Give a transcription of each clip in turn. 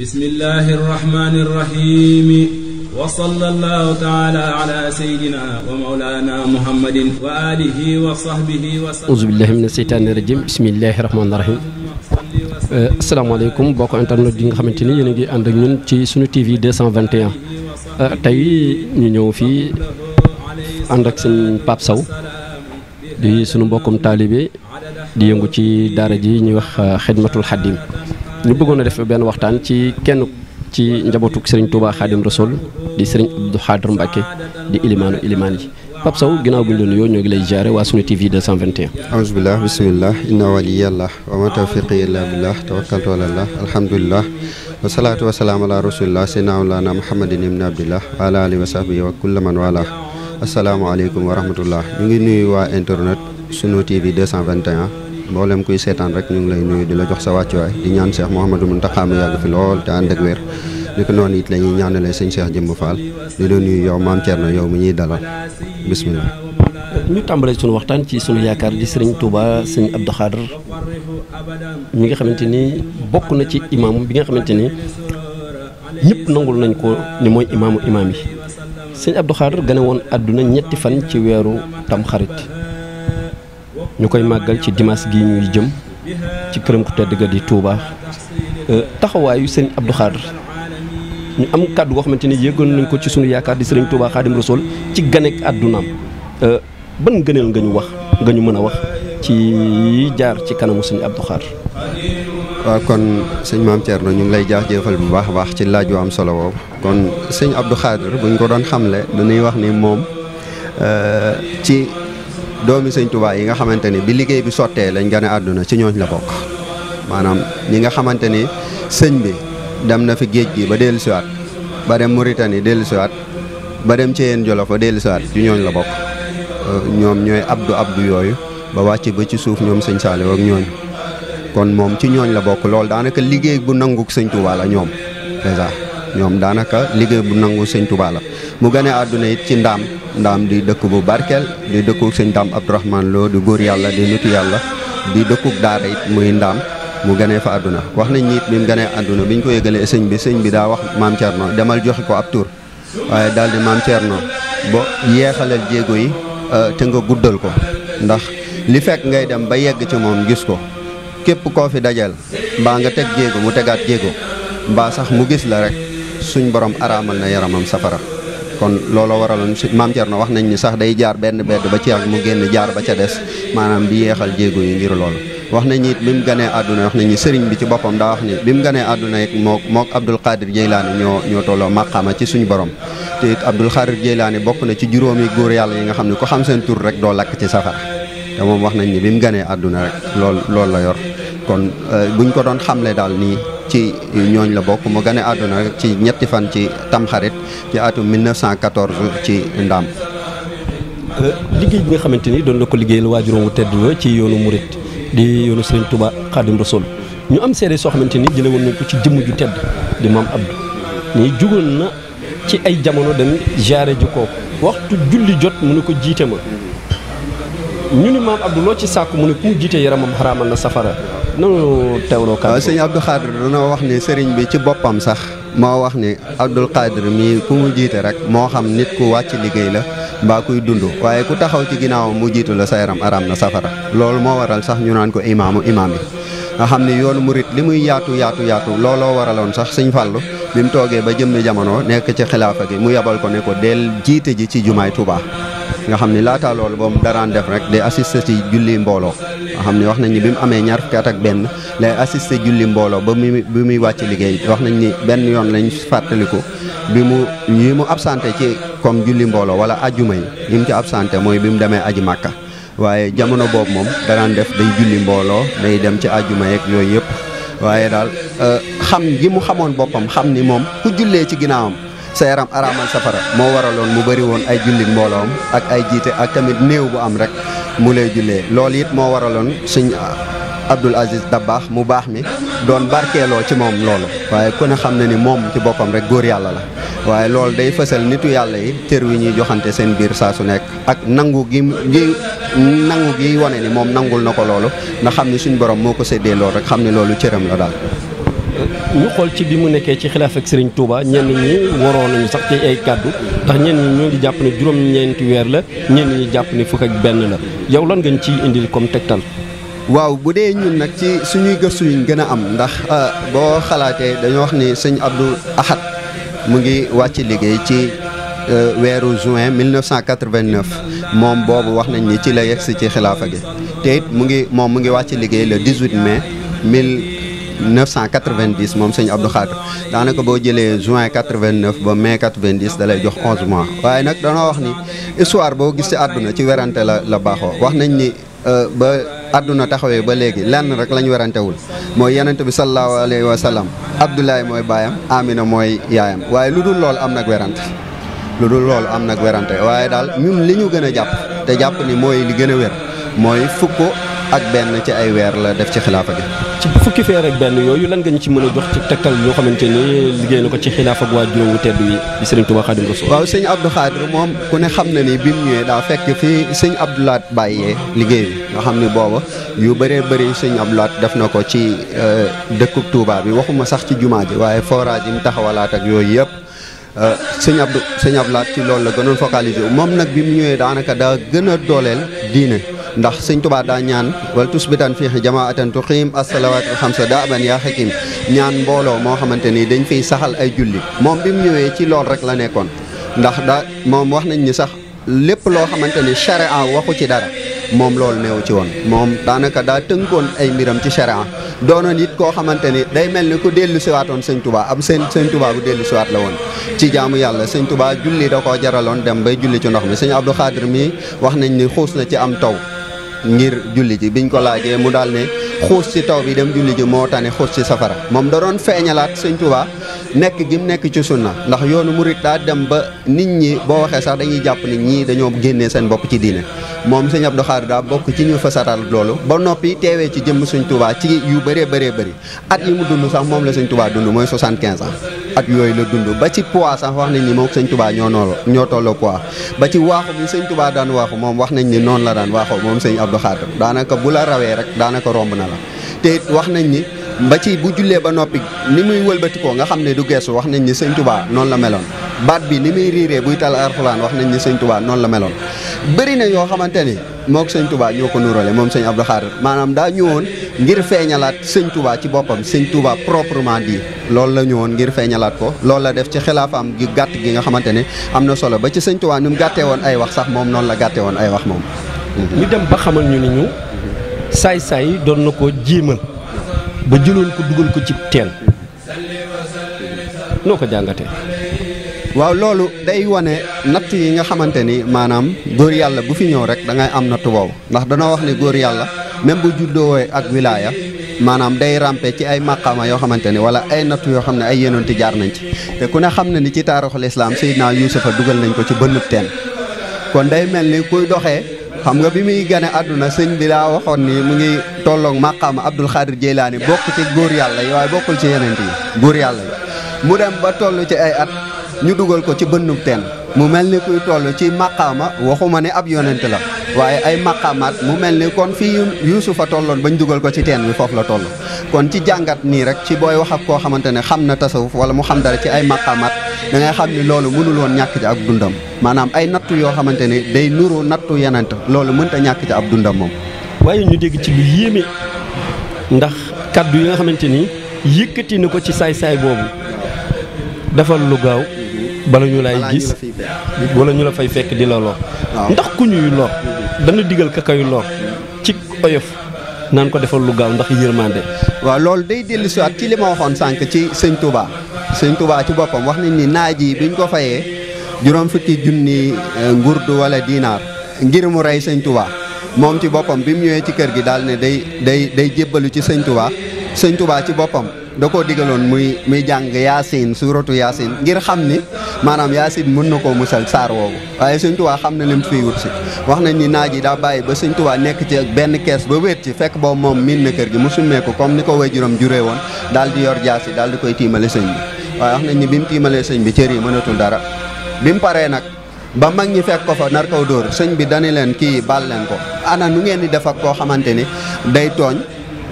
بسم الله الرحمن الرحيم وصلى الله تعالى على سيدنا ومولانا محمد وآله وصحبه وسلم أعوذ بالله من الشيطان الرجيم بسم الله الرحمن الرحيم أه، السلام عليكم بوكو انترنت ديغا خامتيني يي نغي اندك نون تي سونو تي في 221 تاي ني نيو في اندك سن باب ساو دي سونو بوكم طالبي دي يڠو تي دارا جي ني وخ خدمه الحديم ñu bëggoon a def benn waxtaan ci kenn ci njabootuk sëriñ Touba Xaadim Rasul di sëriñ Abdou Xaadir Mbàkke di ilimaanu ilimaan yi Pape Sow ginnaaw bu ñu doon yow ñoo ngi lay jaare waa sunu TV 221. auzu billah bismillah inna waliyallah wa ma tawfiqi illa billah tawakkaltu ala allah alhamdulillah wasalaatu wasalaam ala rasulillah sayyidina mawlana muhammadin ibn abdillah wa ala alihi wa sahbihi wa kulli man wala asalaamaaleykum wa rahmatullah ñu ngi nuyu waa internet sunu TV 221 mboolem kuy seetaan rek ñu ngi lay nuyu di la jox sa way di ñaan Cheikh Mouhamadou Mountakha mu yàgg fi lol te and ak wer ni ko it la ñaanale ñaanalee Cheikh Jëmb Fall di la nuyu yow mam Thierno yow mi ñuy dalal bismillah ñu tambalé sun waxtan ci sun yaakar di serigne Touba serigne Abdou Khadr ñi nga xamanteni bokku na ci imam bi nga xamanteni ñepp nangul nañ ko ni moy imam imam yi serigne Abdou Khadr gane won aduna ñetti fan ci weeru tam xarit ñu koy màggal ci dimaas gi ñuy jëm ci këram ku tedd ga di tuubaax euh, taxawaayu sëriñ Abdou Khadre ñu am kàddu goo xamante ni yëgoon nañ ko ci suñu yaakaar di sëriñ Touba Khadim Rasoul ci ganek àddunaam euh, ban ngëneel nga ñu wax nga ñu mën a wax ci jaar ci kanamu sëriñ Abdou Khadre waaw kon sëñ maam Thierno ñu ngi lay jaajëfal bu baax a baax ci laaj yu am solo boobu kon sëñ Abdou Khadre buñ ko doon xamle dañuy wax nii moom euh, ci doomi sëñ yi nga xamante ni bi liggéey bi sottee lañ gane àdduna ci ñooñ la bokk maanaam ñi nga xamante ni sëñ bi dem na fi géej gi ba siwaat ba dem Mauritanie dellusiwaat ba dem Thièyène Jolof ba dellusiwaat ci ñooñ la bokk euh, ñoom ñooy abdu abdu yooyu ba wàcc ba ci suuf ñoom sëñ Saliou ak ñooñ kon moom ci ñooñ la bokk loolu daanaka liggéey bu nangu sëñ Touba la ñoom ñoom daanaka liggéey bu nangu sëñ Touba la mu gane àdduna yit ci ndaam ndaam di dëkk bu barkeel di dëkku sëñ ndaam Abdourahmane Lo di góor yàlla di nitu yàlla di dëkkub daara it muy ndaam mu ganee fa àdduna wax nañ ñiit bi mu ganee àdduna bi ñu ko yëgalee sëñ bi sëñ bi daa wax maam Thierno demal joxe ko ab tur waaye daal di maam Thierno ba yeexalal jéego yi euh, te nga guddal ko ndax li fekk ngay dem ba yegg ci moom gis ko képp koo fi dajal mbaa nga teg jéego mu tegaat jéego mbaa sax mu gis la rek suñ borom aramal na yaramam safara kon lolo waraloon mam jarno wax nañ ni sax day jaar benn bedd ba ci ak mu genn jaar ba ca des manam bi yeexal jeego yi ngir lolo. wax nañ ni bim gané aduna wax nañ ni serigne bi ci bopam da wax ni bim gané aduna ak mok mok Abdul Qadir jeylani ño ño tolo màqaama ci suñ borom te Abdul Qadir jeylani bok na ci juróomi goor yalla yi nga xamni ko xam sen tour rek do lak ci safara da mom wax nañ ni bim gané aduna rek lool loolu la yor kon euh, buñ ko don xamlé dal ni ci ñooñ la bokk mu gane àdduna ci ñetti fan ci tamxarit ci atum 1914 ci Ndaam. Euh, liggéey bi nga xamante ni doon la ko liggéeyal waajuram wu tedd wa ci yoonu Mouride di yoonu Serigne Touba Khadim Rasoul ñu am seede soo xamante ni jëlee woon nañ ko ci jëmm ju tedd di maam Abdou ñi jugoon na ci ay jamono dem jaare ju ko waxtu julli jot mënu ko jiite ma. ñu maam Abdou ci sàkku mu ne ku jiite yaramam xaraamal na safara nanu teewloo kàddu waaw sëñ Abdou Khadir dana wax ne sëriñ bi ci boppam sax moo wax ne Abdou Khadir mii ku mu jiite rek moo xam nit ku wàcc liggéey la mbaa kuy dund waaye ku taxaw ci ginnaaw mu jiitu la sa yaram araam na safara loolu moo waral sax ñu naan ko imaamu imaam bi xam ne yoonu murit li muy yaatu yaatu yaatu looloo waraloon sax sëñ Fallu bi mu toogee ba jëmmi jamono nekk ci xilaafa gi mu yabal ko ne ko del jiite ji ci jumaay Tuubaa nga xam ni laataa loolu boobu daraan def rek day assisté ci julli mbooloo nga xam ni wax nañ ni bi mu amee ñaar fukki ak benn lay assisté julli mbooloo ba mu bi muy wàcc liggéey wax nañ ni benn yoon lañ fàttaliku bi mu yi mu ab absenté ci comme julli mbooloo wala ajuma yi yi mu ci ab sante mooy bi mu demee aji màkka waaye jamono boobu moom daraan def day julli mbooloo day dem ci ajuma yeeg yooyu yëpp waaye daal euh, xam gi mu xamoon boppam xam ni moom ku jullee ci ginnaawam sa yaram araamal safara moo waraloon mu bari woon ay jullit mbooloom ak ay jiite ak tamit néew bu am rek mu lay jullee loolu it moo waraloon suñ Abdul Aziz Dabaax mu baax mi doon barkeeloo ci moom loolu waaye ku ne xam na ni moom ci boppam rek góor yàlla la waaye loolu day fësal nitu yàlla yi cër wi ñuy joxante seen biir saa su nekk ak nangu gi gi nangu gi wane ni moom nangul na ko loolu nga xam ni suñ borom moo ko séddee loolu rek xam ni loolu cëram la daal ñu xool ci bi mu nekkee ci xilaaf ak Serigne Touba ñenn ñi waroon nañu sax ci ay kàddu ndax ñenn ñi ñoo ngi jàpp ne juróom-ñeenti weer la ñenn ñi jàpp ni fukk ak benn la yow lan ngañ ciy indil comme tegtal. waaw bu dee ñun nag ci suñuy gëstu yi gën a am ndax euh, boo xalaatee dañoo wax ni sëñ Abdou axat mu ngi wàcc liggéey ci euh, weeru juin 1989 moom boobu wax nañ ni ci la yegsi ci xilaafa gi te mu ngi moom mu ngi wàcc liggéey le 18 mai 1000. 990 moom sëñ Abdou Khadre daanaka boo jëlee juin 89 ba mai 90 da lay jox 11 mois waaye nag danoo wax ni histoire boo gis ci àdduna ci werante la la baaxoo wax nañ ni euh, ba àdduna taxawee ba léegi lenn rek lañ werantewul mooy yenent bi sallallahu alayhi wa sallam Abdoulaye mooy baayam Amina mooy yaayam waaye lu dul loolu am nag werante lu dul loolu am nag werante waaye daal ñun li ñu gën a jàpp te jàpp ni mooy li gën a wér mooy fukk ak benn ci ay weer la def ci xilaafa bi ci fukki feer rek benn yooyu lan nga ñu mën a jox ci tegtal yoo xamante ni liggéey na ko ci xilaafa gu waa juróom wu tedd yi di Serigne Touba Khadim Rasoul. waaw sëñ Abdou Khadir moom ku ne xam na ni bi mu ñëwee daa fekk fii sëñ Abdou Lahat bàyyee liggéey bi nga xam ni booba yu bëree bëri sëñ Abdou def na ko ci euh, dëkku Touba bi waxuma sax ci jumaa ji waaye forage yi mu taxawalaat ak yooyu yëpp. Euh, sëñ Abdou sëñ Abdou Lahat ci lool la gënoon focaliser moom nag bi mu ñëwee daanaka daa gën dooleel diine ndax sëñ Tuubaa daa ñaan wala tus bitan fiixi jamaatan tuqiim asalawaatu xamsa daaban yaa xakim ñaan mbooloo moo xamante ni dañ fiy saxal ay julli moom bi mu ñëwee ci lool rek la nekkoon ndax daa moom wax nañ ni sax lépp loo xamante ni charia waxu ci dara moom loolu neew ci woon moom daanaka daa tënkoon ay mbiram ci charia doonoon it koo xamante ni day mel ni ku dellu siwaatoon sëñ Touba am sëñ sëñ Touba bu dellu siwaat la woon ci jaamu yàlla sëñ Touba julli da koo jaraloon dem bay julli ci ndox mi sëñ Abdou Khadir mi wax nañ ni xuus na ci am taw ngir julli ji biñ ko laajee mu daal ne xuus ci taw bi dem julli ji moo tane xuus ci safara moom da doon feeñalaat sëñ Tuubaa nekk gi mu nekk ci na ndax yoonu murit daa dem ba nit ñi boo waxee sax dañuy jàpp nit ñii dañoo génnee seen bopp ci diine moom sëñ Abdou Khadre daa bokk ci ñu fasaral loolu ba noppi teewee ci jëmm sëñ Touba ci yu bëree bëree bëri at yi mu dund sax moom la sëñ Touba dund mooy 75 ans at yooyu la dund ba ci poids sax wax nañ ni moom sëñ Touba ñoo noolo ñoo tolloo poids ba ci waaxu bi sëñ Touba daan waaxu moom wax nañ ni noonu la daan waaxoo moom sëñ Abdou Khadre daanaka bu la rawee rek daanaka romb na la tey wax nañ ni ba ci bu jullee ba noppi ni muy wëlbatikoo nga xam ne du geesu wax nañ ni sëñ Touba noonu la meloon bat bi ni muy rire buy tal alxuraan wax nañ ni seigne Touba non la meloon beri na yo xamanteni mok seigne Touba ñoko ko nuurale moom sëñ Abdou Khadir maanaam daa ñëwoon ngir feñalat seigne Touba ci bopam seigne Touba proprement dit lool la ngir feñalat ko lool la def ci am gi gatt gi nga xamanteni amna am no solo ba ci seigne Touba ñum gatte won ay wax sax mom non la gatte won ay wax mom. Mhm. ñu dem ba xamal ñu ni ñu say say don na ko jiimal ba ko duggal ko ci tel noko jangate waaw loolu day wane natt yi nga xamante ni maanaam góor yàlla bu fi ñëw rek da ngay am natt boobu ndax danoo wax ni góor yàlla même bu juddoowee ak wilaaya maanaam day rampe ci ay maqaama yoo xamante ni wala ay nattu yoo xam ne ay ti jaar nañ ci te ku ne xam ne ni ci taarixul islaam Seydina Yuusufa dugal nañ ko ci bënnub teen kon day mel ni kuy doxee xam nga bi muy gane àdduna sëñ bi daa waxoon ni mu ngi tolloog maqaama Abdul Xaadir Jeylaani bokk ci góor yàlla waaye bokkul ci yeneen yi góor yàlla ñu dugal ko ci bënnub teen mu mel ni kuy toll ci màqaama waxuma ne ab yonent la waaye ay màqaamaat mu mel ni kon fii yuusufa tolloon bañ dugal ko ci teen bi foofu la toll kon ci jàngat nii rek ci booy wax ak koo xamante ne xam na tasawuf wala mu xam dara ci ay màqaamaat da ngay xam ni loolu mënul woon ñàkk ci ak dundam maanaam ay nattu yoo xamante ni day nuru nattu yonent loolu mënta ñàkk ci ab dundam moom waaye ñu dégg ci lu yéeme ndax kaddu yi nga xamante ni yëkkati na ko ci saay-saay boobu defal gaaw bala ñu lay gis wala ñu la fay fekk di la lor ndax ku ñuy lor dana digal kakayu lor ci oyof naan ko defal lu gaaw ndax yërmande waaw loolu day dellu si waat ci li ma waxoon sànq ci sëñ Touba sëñ tubaa ci boppam wax nañ ni naaj yi biñ ko fayee juróom fukki junni euh, ngurdu wala diinaar ngir mu rey sëñ Touba moom ci boppam bi mu ñëwee ci kër gi daal ne day day day jébbalu ci sëñ Touba sëñ Touba ci boppam da koo digaloon muy muy jàng yaasin suuratu yaasin ngir xam ni maanaam yaasin mën na koo musal saar woowu waaye sëñ Tuubaa xam na lim fiy wut si wax nañ ni naaj yi daa bàyyi ba sëñ Tuubaa nekk ci ak benn kees ba wéet ci fekk boobu moom miin na kër gi mu summeeku comme ni ko waajuram juree woon daal di yor jaas yi di koy tiimale sëñ bi waaye wax nañ ni bi mu tiimalee sëñ bi cër yi mënatul dara bi mu paree nag ba mag ñi fekk ko fa nar kaw dóor sëñ bi dani leen kii baal leen ko ana nu ngeen di def koo xamante ni day tooñ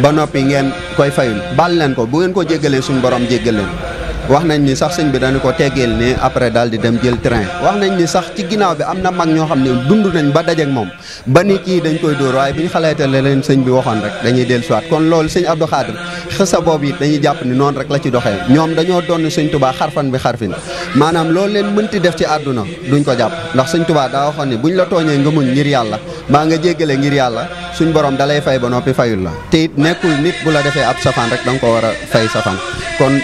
ba noppi ngeen koy fayul baal leen ko bu ngeen ko jéggalee suñu borom jéggal leen wax nañ ni sax sëñ bi dañu ko teggeel ne après daal di dem jël train wax nañ ni sax ci ginnaaw bi am na mag ñoo xam ne dund nañ ba dajeek moom ba nit ñi dañ koy dóor waaye bi ñu la leen sëñ bi waxoon rek dañuy dellu siwaat kon loolu sëñ Abdou Khadir sa boobu it dañuy jàpp ni noonu rek la ci doxee ñoom dañoo doon sëñ tubaa xarfan bi xarfin maanaam loolu leen mënti def ci àdduna duñ ko jàpp ndax sëñ Touba daa waxoon ni buñ la tooñee nga muñ ngir yàlla mbaa nga jéggale ngir yàlla suñ borom dalay fay ba noppi fayul la te it nekkul nit bu la defee ab safaan rek da nga ko war a fay safaan kon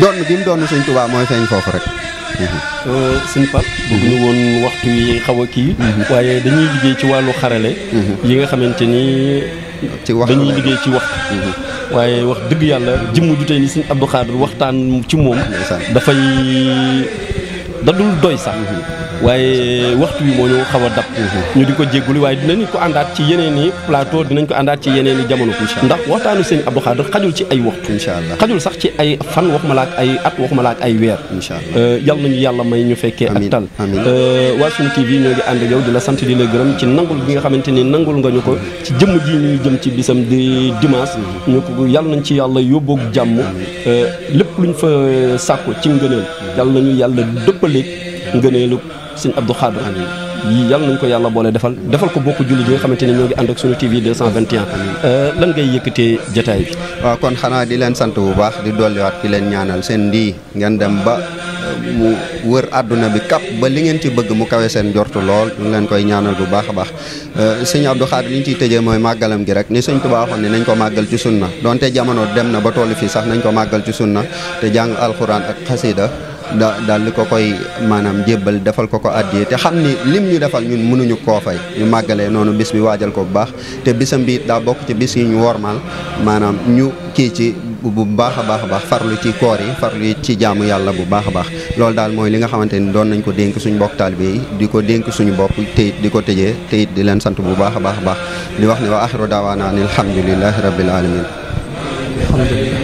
doon bi mu doon suñ Tuubaa mooy feeñ foofu rek. Mhm. Euh, suñ pap bëgg ñu woon waxtu yi xaw a kii. Mhm. waaye dañuy liggéey ci wàllu xarale. Mhm. yi nga xamante ni. ci waxtu liggéey ci waxtu. waaye wax dëgg yàlla jëmm ju tey ni suñ Abdou Khadre waxtaan ci moom. dafay da dul doy sax waaye waxtu wi moo ñu xaw a dab ñu di ko jéggulu waaye dinañ ko àndaat ci yeneen i plateau dinañ ko àndaat ci yeneen i jamono ndax waxtaanu seen Abdou Khadre xajul ci ay waxtu incha xajul sax ci ay fan waxuma la ak ay at waxuma la ak ay weer incha allah euh, yal nañu yàlla may ñu fekkee ak tal euh, waa suñu TV ñoo ngi ànd ak yow di la sant di la gërëm ci nangul gi nga xamante ni nangul nga ñu ko ci jëmm ji ñuy jëm ci bisam di dimanche ñu ko yàlla nañ ci yàlla yóbboog jàmm euh, lépp luñ fa sàkku ci yàlla nañu dolli ngeeneelu seigne abdou khadir amin yi yal nañ ko yalla boole defal defal ko bokku julli yi nga xamante ñoo ngi ak sunu tv 221 euh, lan ngay yëkëté jotaay bi wa kon xana di leen sant bu baax di wat ki leen ñaanal seen di ngeen dem ba euh, mu wër aduna bi kap ba li ngeen ci bëgg mu kawé seen jortu lool ñu leen koy ñaanal bu baax baax euh seigne abdou khadir li ci ciy moy magalam gi rek ni seigne touba waxoon ne nañ ko magal ci sunna donte jamono dem na ba tollu fi sax nañ ko magal ci sunna te jang alcorane ak qasida da daal di ko koy maanaam jébbal defal ko ko àddiyee te xam ni lim ñu defal ñun mënuñu koo fay ñu màggalee noonu bis bi waajal ko bu baax te bisam bi daa bokk ci bis yu ñu wormaal maanaam ñu kii ci bu baax a baax a baax farlu ci koor yi farlu ci jaamu yàlla bu baax a baax loolu daal mooy li nga xamante ni doon nañ ko dénk suñu bokk taalibe yi di ko dénk suñu bopp te di ko tëjee te di leen sant bu baax a baax a baax di wax ni wa axiru daawaana an alhamdulilahi rabbil alamin alhamdulilah